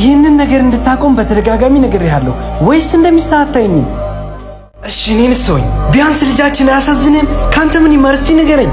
ይህንን ነገር እንድታቆም በተደጋጋሚ ነግሬሃለሁ፣ ወይስ እንደሚስት እሺ እኔን ስተወኝ ቢያንስ ልጃችን አያሳዝንም? ከአንተ ምን ይማር እስቲ ንገረኝ።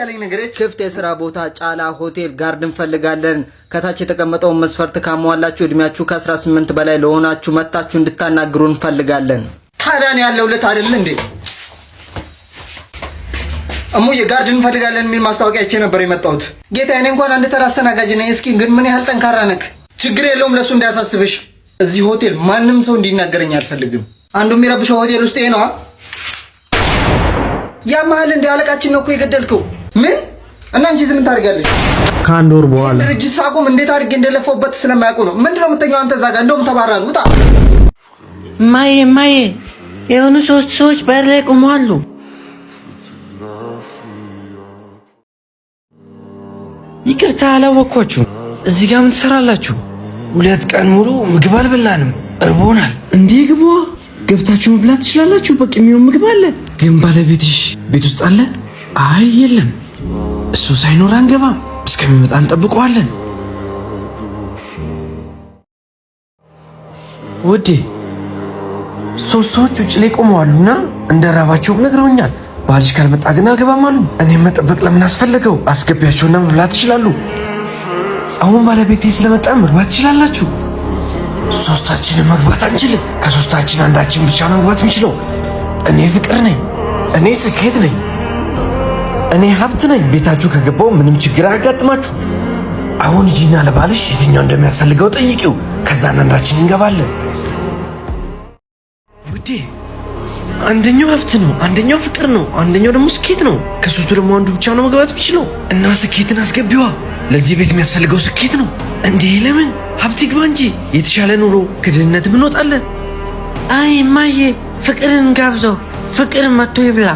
ያለኝ ነገር ክፍት የስራ ቦታ ጫላ ሆቴል ጋርድ እንፈልጋለን። ከታች የተቀመጠውን መስፈርት ካሟላችሁ እድሜያችሁ ከ18 በላይ ለሆናችሁ መታችሁ እንድታናግሩ እንፈልጋለን። ታዲያ ነው ያለው አይደል እንዴ? እሙ ጋርድ እንፈልጋለን የሚል ማስታወቂያ ይቼ ነበር የመጣሁት። ጌታ እኔ እንኳን አንድ ተራ አስተናጋጅ ነኝ። እስኪ ግን ምን ያህል ጠንካራ ነክ። ችግር የለውም ለሱ እንዳያሳስብሽ። እዚህ ሆቴል ማንም ሰው እንዲናገረኝ አልፈልግም። አንዱ የሚረብሸው ሆቴል ውስጥ ይሄ ነዋ። ያ መሀል እንደ አለቃችን ነው እኮ የገደልከው። ምን እና አንቺ ዝም ታደርጊያለሽ? ከአንድ ወር በኋላ ድርጅት ሳቁም እንዴት አድርጌ እንደለፈውበት ስለማያውቁ ነው። ምንድን ነው የምተኛው? አንተ እዛ ጋር እንደውም ተባራል። ውጣ ማዬ ማዬ። የሆኑ ሶስት ሰዎች በር ላይ ቆመዋሉ። ይቅርታ አላወቅኳችሁ። እዚህ ጋር ምን ትሰራላችሁ? ሁለት ቀን ሙሉ ምግብ አልበላንም፣ እርቦናል። እንዴ ግቡ፣ ገብታችሁ መብላት ትችላላችሁ። በቂ የሚሆን ምግብ አለ። ግን ባለቤትሽ ቤት ውስጥ አለ? አይ የለም እሱ ሳይኖር አንገባም። እስከሚመጣ እንጠብቀዋለን። ውዴ ሶስት ሰዎች ውጭ ላይ ቆመዋሉና እንደራባቸውም ነግረውኛል። ባልሽ ካልመጣ ግን አልገባም አሉ። እኔም መጠበቅ ለምን አስፈለገው? አስገቢያቸውና መብላት ትችላሉ። አሁን ባለቤቴ ስለመጣ መግባት ትችላላችሁ። ሶስታችንን መግባት አንችልም። ከሶስታችን አንዳችን ብቻ ነው መግባት የሚችለው። እኔ ፍቅር ነኝ። እኔ ስኬት ነኝ። እኔ ሀብት ነኝ። ቤታችሁ ከገባው ምንም ችግር አያጋጥማችሁ። አሁን ሂጂና ለባልሽ የትኛው እንደሚያስፈልገው ጠይቂው። ከዛ አንዳችን እንገባለን። ውዴ፣ አንደኛው ሀብት ነው፣ አንደኛው ፍቅር ነው፣ አንደኛው ደግሞ ስኬት ነው። ከሶስቱ ደግሞ አንዱ ብቻ ነው መግባት የሚችለው እና ስኬትን አስገቢዋ። ለዚህ ቤት የሚያስፈልገው ስኬት ነው። እንዴ ለምን ሀብት ይግባ እንጂ የተሻለ ኑሮ ከድህነትም እንወጣለን። አይ ማዬ፣ ፍቅርን ጋብዘው፣ ፍቅርን መጥቶ ይብላ።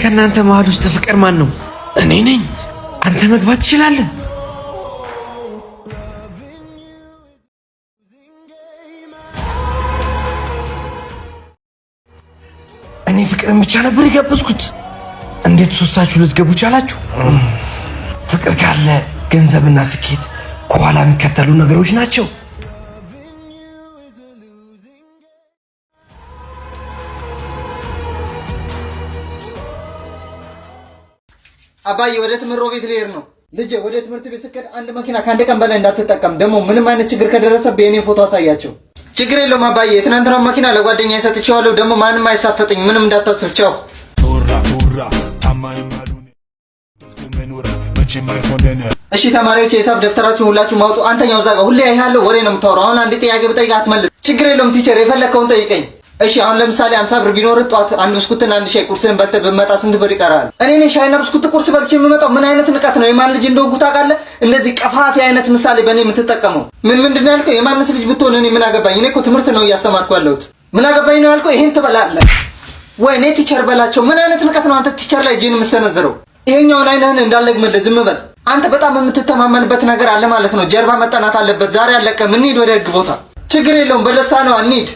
ከእናንተ መሃል ውስጥ ፍቅር ማን ነው? እኔ ነኝ። አንተ መግባት ትችላለህ። እኔ ፍቅርን ብቻ ነበር የጋበዝኩት። እንዴት ሶስታችሁ ልትገቡ ቻላችሁ? ፍቅር ካለ ገንዘብና ስኬት ከኋላ የሚከተሉ ነገሮች ናቸው። አባዬ ወደ ትምህርት ቤት ልሄድ ነው። ልጄ ወደ ትምህርት ቤት ስከድ አንድ መኪና ከአንድ ቀን በላይ እንዳትጠቀም። ደግሞ ምንም አይነት ችግር ከደረሰብህ የእኔ ፎቶ አሳያቸው። ችግር የለውም አባዬ፣ የትናንትናው መኪና ለጓደኛ ሰጥቼዋለሁ። ደግሞ ማንም አይሳፈጥኝ፣ ምንም እንዳታስብ። ቻው። እሺ ተማሪዎች፣ የሂሳብ ደብተራችሁን ሁላችሁ ማውጡ። አንተኛው ዛጋ ሁሌ ያለው ወሬ ነው የምታወራው። አሁን አንድ ጥያቄ ብጠይቅ አትመልስ። ችግር የለውም ቲቸር፣ የፈለግከውን ጠይቀኝ። እሺ አሁን ለምሳሌ 50 ብር ቢኖር ጧት አንድ ብስኩትና አንድ ሻይ ቁርስን በልተ ብመጣ ስንት ብር ይቀራል? እኔ ነኝ ሻይና ብስኩት ቁርስ በልቼ የምመጣው። ምን አይነት ንቀት ነው? የማን ልጅ እንደሆንኩ ታውቃለህ? እንደዚህ ቀፋፊ አይነት ምሳሌ በእኔ የምትጠቀመው ምን ምንድን ነው ያልከው? የማንስ ልጅ ብትሆን እኔ ምን አገባኝ? እኔ እኮ ትምህርት ነው እያስተማርኩ ያለሁት። ምን አገባኝ ነው ያልከው? ይሄን ትበላለህ ወይ? እኔ ቲቸር በላቸው። ምን አይነት ንቀት ነው? አንተ ቲቸር ላይ እጄን የምሰነዝረው? ይሄኛውን አይነህን እንዳለግመልህ ዝም በል። አንተ በጣም የምትተማመንበት ነገር አለ ማለት ነው። ጀርባ መጠናት አለበት። ዛሬ አለቀ። ምን ወደ ህግ ቦታ። ችግር የለውም። በደስታ ነው አንሂድ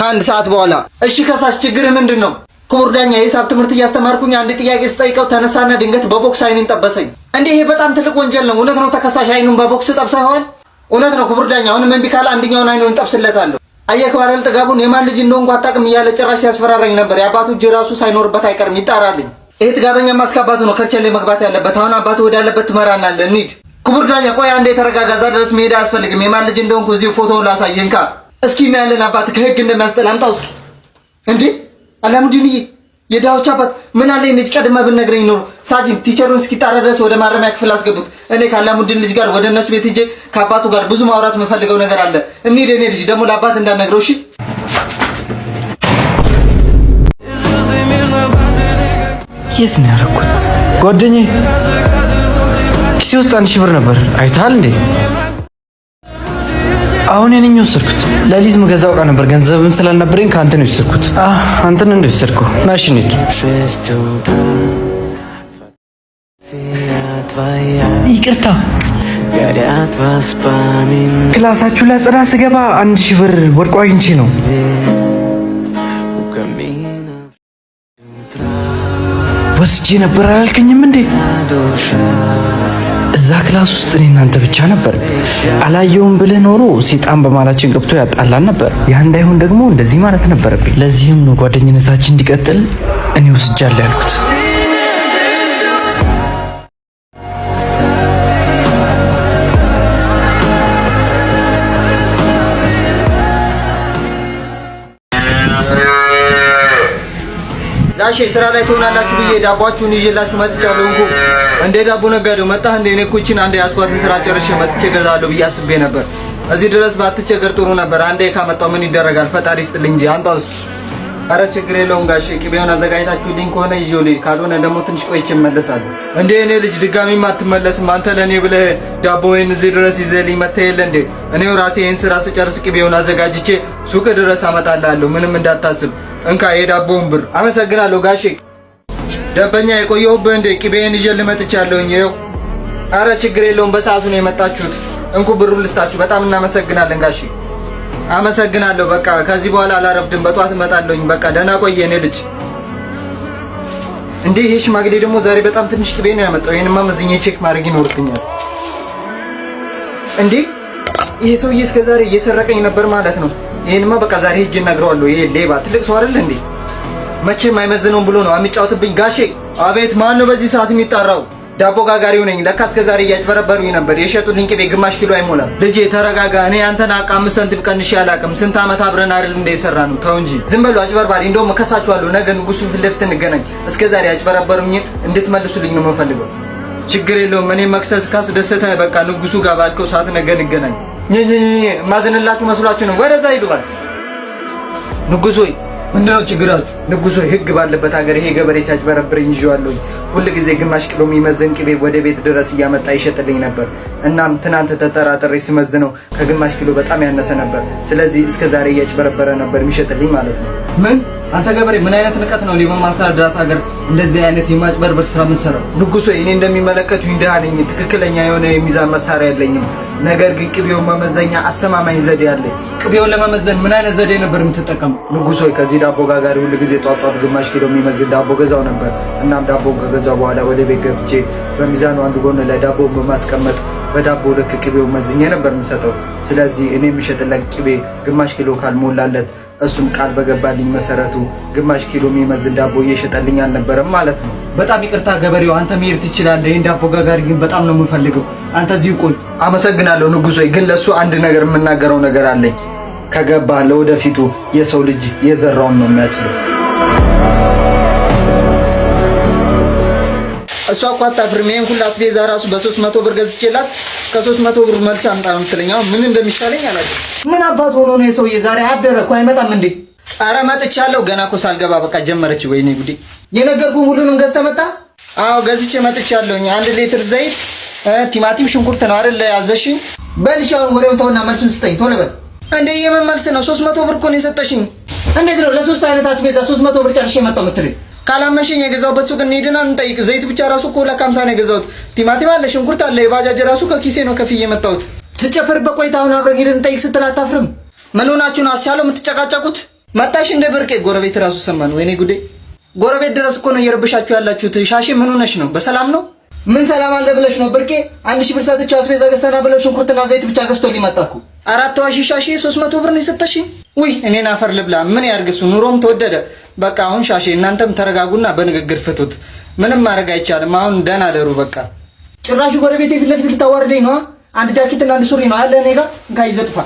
ከአንድ ሰዓት በኋላ። እሺ ከሳሽ፣ ችግር ምንድን ነው? ክቡር ዳኛ፣ የሂሳብ ትምህርት እያስተማርኩኝ አንድ ጥያቄ ስጠይቀው ተነሳና ድንገት በቦክስ አይኑን ጠበሰኝ። እንዲህ ይሄ በጣም ትልቅ ወንጀል ነው። እውነት ነው ተከሳሽ አይኑን በቦክስ ጠብሰኸዋል? እውነት ነው ክቡር ዳኛ። አሁንም እምቢ ካለ አንደኛውን አይኑን ጠብስለታለሁ። አየህ ጥጋቡን የማን ልጅ እንደሆንኩ አታውቅም እያለ ጭራሽ ሲያስፈራረኝ ነበር። የአባቱ እጅ ራሱ ሳይኖርበት አይቀርም ይጣራልኝ። ይሄ ጥጋበኛ ማስካባቱ ነው ከርቸሌ መግባት ያለበት። አሁን አባቱ ወዳለበት ትመራናለን። እንሂድ። ክቡር ዳኛ ቆይ አንዴ የተረጋጋ። እዛ ድረስ መሄድ አያስፈልግም። የማን ልጅ እንደሆንኩ እዚሁ ፎቶውን ላሳየንካ እስኪ እናያለን። አባት ከህግ እንደሚያስጠል አምጣው እስኪ። እንዴ አላሙዲን የድሃዎች አባት ምን አለ እነዚህ ቀድመህ ብነግረኝ ኖሮ። ሳጅን ቲቸሩን እስኪጣራ ድረስ ወደ ማረሚያ ክፍል አስገቡት። እኔ ካላሙዲን ልጅ ጋር ወደ እነሱ ቤት ሄጄ ከአባቱ ጋር ብዙ ማውራት የምፈልገው ነገር አለ። እንሂድ። እኔ ልጅ ደግሞ ለአባት እንዳነግረው እሺ። የት ነው ያደረኩት? ጓደኛዬ ኪሴ ውስጥ አንድ ሺህ ብር ነበር። አይተሃል እንዴ? አሁን የኔን ወሰድኩት። ለሊዝ ምገዛው ዕቃ ነበር፣ ገንዘብም ስላልነበረኝ ከአንተ ነው የወሰድኩት። አንተን እንደ ወሰድኩ ናሽኒድ ይቅርታ። ክላሳችሁ ለጽዳ ስገባ አንድ ሺህ ብር ወድቆ አግኝቼ ነው። ወስጄ ነበር አላልከኝም እንዴ? እዛ ክላስ ውስጥ እኔ እናንተ ብቻ ነበር። አላየውም ብለ ኖሮ ሴጣን በማላችን ገብቶ ያጣላን ነበር። ያ እንዳይሆን ደግሞ እንደዚህ ማለት ነበረብኝ። ለዚህም ነው ጓደኝነታችን እንዲቀጥል እኔ ውስጃለ ያልኩት። ዳሼ ስራ ላይ ትሆናላችሁ ብዬ ዳቧችሁን ይዤላችሁ መጥቻለሁ እንኳን እንዴ ዳቦ ነጋዴው መጣህ እንዴ? እኔ እኮ ይህችን አንድ ያስኳትን ስራ ጨርሼ መጥቼ እገዛለሁ ብዬ አስቤ ነበር። እዚህ ድረስ ባትቸገር ጥሩ ነበር። አንዴ ካመጣው ምን ይደረጋል? ፈጣሪ ስጥልኝ እንጂ አንጣው እስኪ። አረ ችግር የለውም ጋሼ፣ ቅቤውን አዘጋጅታችሁልኝ ከሆነ ይዤው ልሂድ፣ ካልሆነ ደግሞ ትንሽ ቆይቼ እመለሳለሁ። እንዴ እኔ ልጅ ድጋሚም አትመለስም። አንተ ለእኔ ብለህ ወይን እዚህ ድረስ ይዘህልኝ መጥተህ የለ እንዴ? እኔው ራሴ ይህን ስራ ስጨርስ ቅቤውን አዘጋጅቼ ሱቅ ድረስ አመጣልሃለሁ። ምንም እንዳታስብ። እንካ የዳቦውን ብር። አመሰግናለሁ ጋሼ። ደንበኛ የቆየው እንዴ? ቅቤን ይዤ ልመጥቻለሁኝ። ይኸው። አረ ችግር የለውም በሰዓቱ ነው የመጣችሁት። እንኩ ብሩን ልስጣችሁ። በጣም እናመሰግናለን ጋሺ። አመሰግናለሁ። በቃ ከዚህ በኋላ አላረፍድም። በጧት እመጣለሁኝ። በቃ ደህና ቆየ እኔ ልጅ። እንዴ ይሄ ሽማግሌ ደግሞ ዛሬ በጣም ትንሽ ቅቤ ነው ያመጣው። ይሄንማ መዝኜ ቼክ ማድረግ ይኖርብኛል። እንዴ ይሄ ሰውዬ እስከ ዛሬ እየሰረቀኝ ነበር ማለት ነው። ይሄንማ በቃ ዛሬ ሂጅ እነግረዋለሁ። ይሄ ሌባ ትልቅ ሰው አይደል እንዴ? መቼም አይመዝነውም ብሎ ነው የሚጫወትብኝ። ጋሼ አቤት፣ ማን ነው በዚህ ሰዓት የሚጣራው? ዳቦ ጋጋሪው ነኝ ለካ። እስከ ዛሬ እያጭበረበሩኝ ነበር። የሸጡልኝ ቅቤ ግማሽ ኪሎ አይሞላም። ልጄ ተረጋጋ። እኔ አንተን አቃ አምስት ሰንቲም ቀንሼ አላውቅም። ስንት ዓመት አብረን አይደል እንደ የሰራ ነው። ተው እንጂ ዝም በሉ አጭበርባሪ። እንደውም እከሳችኋለሁ። ነገ ንጉሱ ፊት ለፊት እንገናኝ። እስከ ዛሬ አጭበረበሩኝ እንድትመልሱልኝ ነው የምፈልገው። ችግር የለውም። እኔ መክሰስ ካስደሰተ በቃ ንጉሱ ጋር ባልከው ሰዓት ነገ እንገናኝ። ማዝንላችሁ መስሏችሁ ነው። ወደዛ ሂዱ ባል ንጉሶይ ምንድነው ችግራችሁ? ንጉሶ ህግ ባለበት ሀገር ይሄ ገበሬ ሲያጭበረብረኝ ይዤዋለሁኝ። ሁልጊዜ ግማሽ ኪሎ የሚመዘን ቅቤ ወደ ቤት ድረስ እያመጣ ይሸጥልኝ ነበር። እናም ትናንት ተጠራጥሬ ስመዝነው ከግማሽ ኪሎ በጣም ያነሰ ነበር። ስለዚህ እስከ ዛሬ እያጭበረበረ ነበር የሚሸጥልኝ ማለት ነው። ምን አንተ ገበሬ ምን አይነት ንቀት ነው? እኔ በማስተዳደራት ሀገር እንደዚህ አይነት የማጭበርበር ስራ ሰራ? ንጉሶ እኔ እንደሚመለከቱ ደሃ ትክክለኛ የሆነ የሚዛን መሳሪያ የለኝም። ነገር ግን ቅቤውን መመዘኛ አስተማማኝ ዘዴ አለ ቅቤውን ለመመዘን ምን አይነት ዘዴ ነበር የምትጠቀም? ንጉሶ ከዚህ ዳቦ ጋር ሁል ጊዜ ጧት ግማሽ ኪሎ የሚመዝን ዳቦ ገዛው ነበር። እናም ዳቦ ከገዛው በኋላ ወደ ቤት ገብቼ በሚዛኑ አንድ ጎን ላይ ዳቦ በማስቀመጥ በዳቦ ልክ ቅቤው መዝኜ ነበር የምሰጠው። ስለዚህ እኔ የምሸጥለት ቅቤ ግማሽ ኪሎ ካልሞላለት እሱም ቃል በገባልኝ መሰረቱ ግማሽ ኪሎ የሚመዝን ዳቦ እየሸጠልኝ አልነበረም ማለት ነው። በጣም ይቅርታ ገበሬው፣ አንተ መሄድ ትችላለህ። ይህን ዳቦ ጋጋሪ ግን በጣም ነው የምፈልገው። አንተ እዚህ ቆይ። አመሰግናለሁ ንጉሶይ፣ ግን ለእሱ አንድ ነገር የምናገረው ነገር አለኝ። ከገባ ለወደፊቱ የሰው ልጅ የዘራውን ነው የሚያጭለው። እሷ እኮ አታፍርም። ይሄን ሁሉ አስቤዛ ራሱ በሶስት መቶ ብር ገዝቼላት ከሶስት መቶ ብር መልስ አምጣ ነው የምትለኝ። አሁን ምን እንደሚሻለኝ አላውቅም። ምን አባት ሆኖ ነው የሰውዬ ዛሬ አደረ እኮ አይመጣም እንዴ? ኧረ መጥቻለሁ። ገና እኮ ሳልገባ በቃ ጀመረች። ወይኔ ጉዴ! የነገርኩህን ሁሉንም ገዝተህ መጣ? አዎ ገዝቼ መጥቻለሁኝ። አንድ ሌትር ዘይት፣ ቲማቲም፣ ሽንኩርት ነው አይደል ያዘሽኝ? በልሽ አሁን ወሬውን ተውና መልሱን ስጠኝ ቶሎ በል። እንዴ የምን መልስ ነው? ሶስት መቶ ብር እኮ ነው የሰጠሽኝ። እንዴት ነው ለሶስት አይነት አስቤዛ ሶስት መቶ ብር ጨርሼ መጣሁ የምትለኝ? ካላመሸኝ የገዛሁበት ሱቅ እንሂድና እንጠይቅ። ዘይት ብቻ ራሱ እኮ ሁለት ከሀምሳ ነው የገዛሁት። ቲማቲም አለ፣ ሽንኩርት አለ። የባጃጅ ራሱ ከኪሴ ነው ከፍዬ የመጣሁት። ስጨፍርበት ቆይታ አሁን አብረን እንጠይቅ ስትል አታፍርም? ምን ሆናችሁ ነው አስቻለው የምትጨቃጨቁት? መጣሽ እንደ ብርቄ። ጎረቤት ራሱ ሰማን። ወይኔ ጉዴ! ጎረቤት ድረስ እኮ ነው እየረብሻችሁ ያላችሁት። ሻሼ ምን ሆነሽ ነው? በሰላም ነው? ምን ሰላም አለ ብለሽ ነው ብርቄ? አንድ ሺህ ብር አስቤዛ ገዝተና ብለሽ ሽንኩርትና ዘይት ብቻ ገዝቶ ሊመጣኩ አራት ተዋሺ ሻሼ ሶስት መቶ ብር ነው የሰጠሽኝ ውይ እኔን አፈር ልብላ። ምን ያርግ ኑሮም ተወደደ። በቃ አሁን ሻሼ፣ እናንተም ተረጋጉና በንግግር ፍቱት። ምንም ማድረግ አይቻልም። አሁን ደህና አደሩ። በቃ ጭራሽ ጎረቤት የፊት ለፊት ልታዋርደኝ ነዋ። አንድ ጃኬት እና አንድ ሱሪ ነው አለ እኔ ጋር እንካ፣ ይዘጥፋ።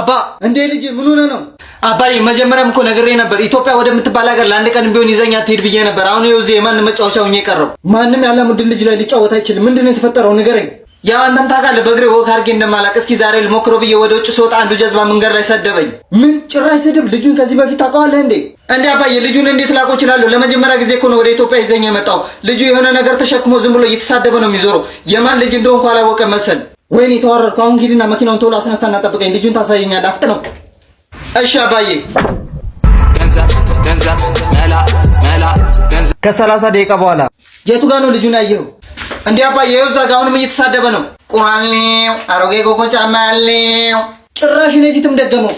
አባ እንዴ ልጅ ምን ሆነ ነው? አባዬ መጀመሪያም እኮ ነግሬ ነበር፣ ኢትዮጵያ ወደምትባል ሀገር ለአንድ ቀን ቢሆን ይዘኛ ትሄድ ብዬ ነበር። አሁን ይኸው እዚህ የማንም መጫወቻ ሆኜ ቀረው። ማንም ሙድን ልጅ ላይ ሊጫወት አይችልም። ምንድን ነው የተፈጠረው? ንገረኝ ያው አንተም ታውቃለህ በእግሬ ወክ አድርጌ እንደማላቅ። እስኪ ዛሬ ልሞክሮ ብዬ ወደ ውጭ ስወጣ አንዱ ጀዝባ መንገድ ላይ ሰደበኝ። ምን ጭራሽ ስድብ? ልጁን ከዚህ በፊት ታውቀዋለህ እንዴ? እንዴ አባዬ ልጁን እንዴት ላቆ እችላለሁ? ለመጀመሪያ ጊዜ እኮ ነው ወደ ኢትዮጵያ ይዘኝ የመጣው። ልጁ የሆነ ነገር ተሸክሞ ዝም ብሎ እየተሳደበ ነው የሚዞረው። የማን ልጅ እንደሆንኩ አላወቀ መሰል። ወይኔ ተዋረድኩ። አሁን ሂድና መኪናውን ቶሎ አስነስታና ጠብቀኝ። ልጁን ታሳየኛለህ። አፍጥ ነው። እሺ አባዬ ከሰላሳ ደቂቃ በኋላ የቱ ጋር ነው ልጁን ያየኸው? እንዴ አባዬ፣ ይኸው አሁንም እየተሳደበ ነው። ቁማሌው አሮጌ ጎጎ ጫማ ያለው ጭራሽ እኔ ፊትም ደገመው።